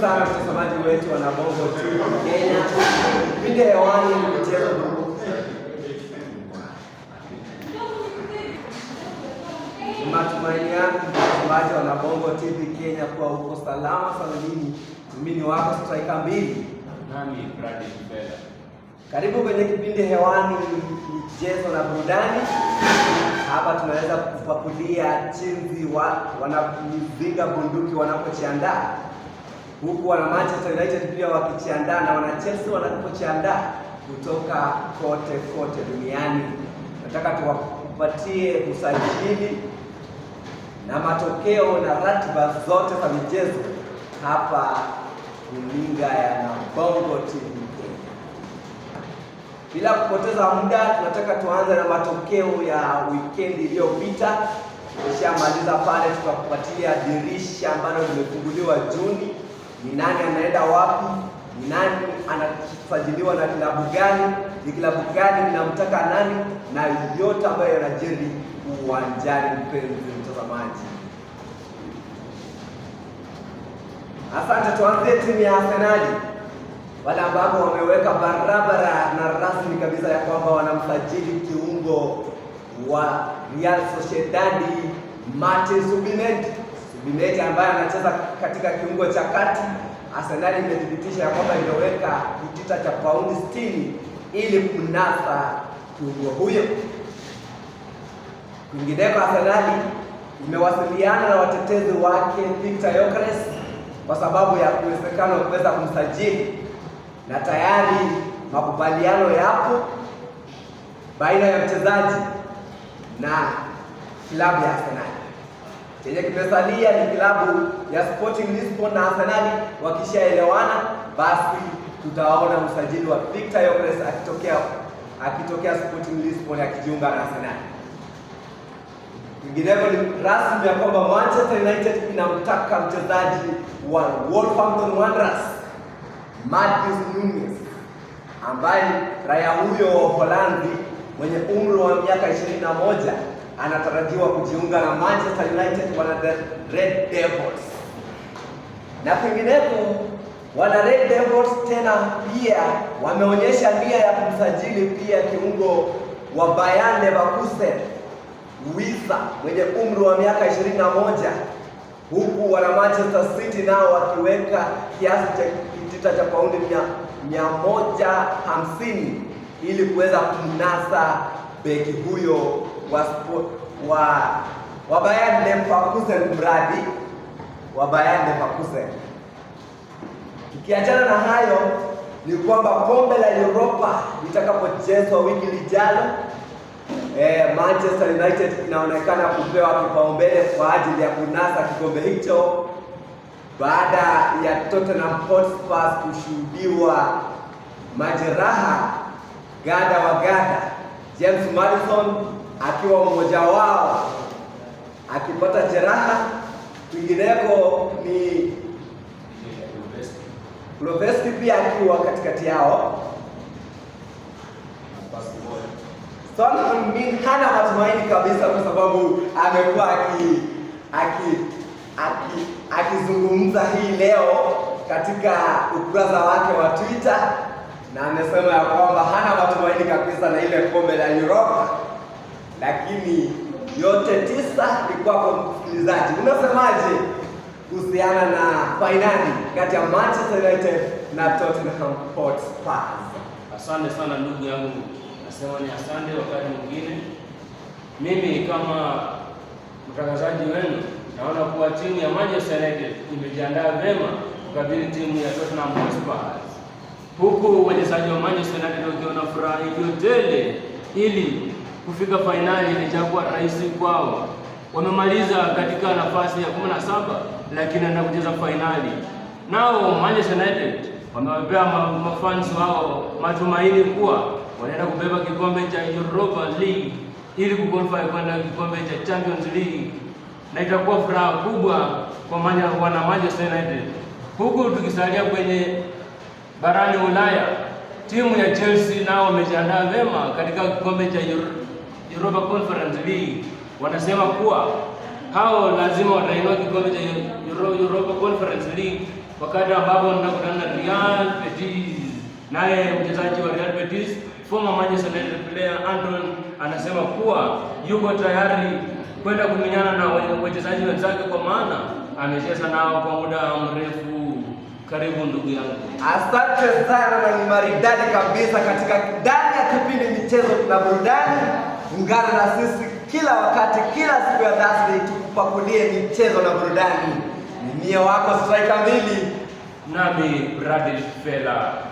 sana mtazamaji wetu wana Bongo tu Kenya, pinde hewani kupitia matumaini yangu mtazamaji wana Bongo TV Kenya kuwa uko salama salimini. Mimi ni wako Striker mbili, nami Brad Mbela. Karibu kwenye kipindi hewani, michezo na burudani. Hapa tunaweza kupakulia chinzi wa wanapiga bunduki wanapojiandaa huku wana Manchester United pia wakichiandaa na wana Chelsea wanapochiandaa kutoka kote kote duniani. Nataka tuwapatie usajili na matokeo na ratiba zote za michezo hapa kulinga ya Nabongo TV Kenya. Bila kupoteza muda, tunataka tuanze na matokeo ya wikendi iliyopita. Tumeshamaliza pale, tukakupatia dirisha ambalo limefunguliwa Juni ni nani anaenda wapi, ni nani anafadhiliwa na kilabu gani, ni klabu gani inamtaka nani, na yote ambayo yanajiri uwanjani. Mpenzi mtazamaji, asante. Tuanzie timu ya Arsenali, wale ambapo wameweka barabara na rasmi kabisa ya kwamba wanamsajili kiungo wa Real Sociedad Matheus Zubimendi Bimeja ambaye anacheza katika kiungo cha kati, Arsenal imethibitisha ya kwamba imeweka kitita cha paundi 60 ili kunasa kiungo huyo. Kwingineko, Arsenal imewasiliana na watetezi wake Victor Yokres kwa sababu ya uwezekano wa kuweza kumsajili na tayari makubaliano yapo baina ya mchezaji na klabu ya Arsenal. Chenye kimesalia ni klabu ya Sporting Lisbon na Arsenal wakishaelewana, basi tutaona usajili wa Victor Gyokeres akitokea akitokea Sporting Lisbon akijiunga na Arsenal. Vinginevyo ni rasmi ya kwamba Manchester United inamtaka mchezaji wa Wolverhampton Wanderers Matheus Nunes ambaye raia huyo wa holandi mwenye umri wa miaka 21 anatarajiwa kujiunga na Manchester United wana Red Devils, na penginepo wana Red Devils tena pia wameonyesha nia ya kumsajili pia kiungo wa Bayer Leverkusen Wisa mwenye umri wa miaka 21 huku wana Manchester City nao wakiweka kiasi cha kitita cha paundi mia moja hamsini ili kuweza kumnasa beki huyo wa wabayande pakuze mradi wabayande pakuze. Tukiachana na hayo, ni kwamba kombe la Europa litakapochezwa wiki lijalo, eh, Manchester United inaonekana kupewa kipaumbele kwa ajili ya kunasa kikombe hicho baada ya Tottenham Hotspur kushuhudiwa majeraha gada wa gada James Maddison akiwa mmoja wao akipata jeraha, kwingineko ni Lovesti pia akiwa katikati yao. min hana matumaini kabisa, kwa sababu amekuwa aki aki akizungumza aki hii leo katika ukurasa wake wa Twitter na amesema ya kwamba hana matumaini kabisa na ile kombe la Europa lakini yote tisa ni kwako msikilizaji. Unasemaje kuhusiana na fainali kati ya Manchester United na Tottenham Hotspur? Asante sana ndugu yangu, nasema ni asante. Wakati mwingine mimi kama mtangazaji wenu naona kuwa timu ya Manchester United imejiandaa vema kukabili timu ya Tottenham Hotspur, huku wachezaji wa Manchester United wakiwa na furaha tele ili kufika fainali ilichakuwa rahisi kwao. Wamemaliza katika nafasi ya 17 lakini wanaenda kucheza fainali. Nao Manchester United wamewapea mafans wao matumaini kuwa wanaenda kubeba kikombe cha Europa League ili kuqualify kwenda kikombe cha Champions League, na itakuwa furaha kubwa kwa wana Manchester United. Huku tukisalia kwenye barani Ulaya, timu ya Chelsea nao wamejiandaa vema katika kikombe cha Europa Conference League wanasema kuwa hao lazima watainua kikombe cha Europa Conference League wakati ambapo nakutana na Real Betis. Naye mchezaji wa Real Betis former Manchester United player Anton anasema kuwa yuko tayari kwenda kumenyana na wachezaji wenzake kwa maana amecheza nao kwa muda mrefu. Karibu ndugu yangu. Asante sana na ni maridadi kabisa katika ndani ya kipindi michezo na burudani. Ungana na sisi kila wakati, kila siku ya Thursday tukupakulie michezo na burudani. Ni wako straika mbili nami Bradish Fela.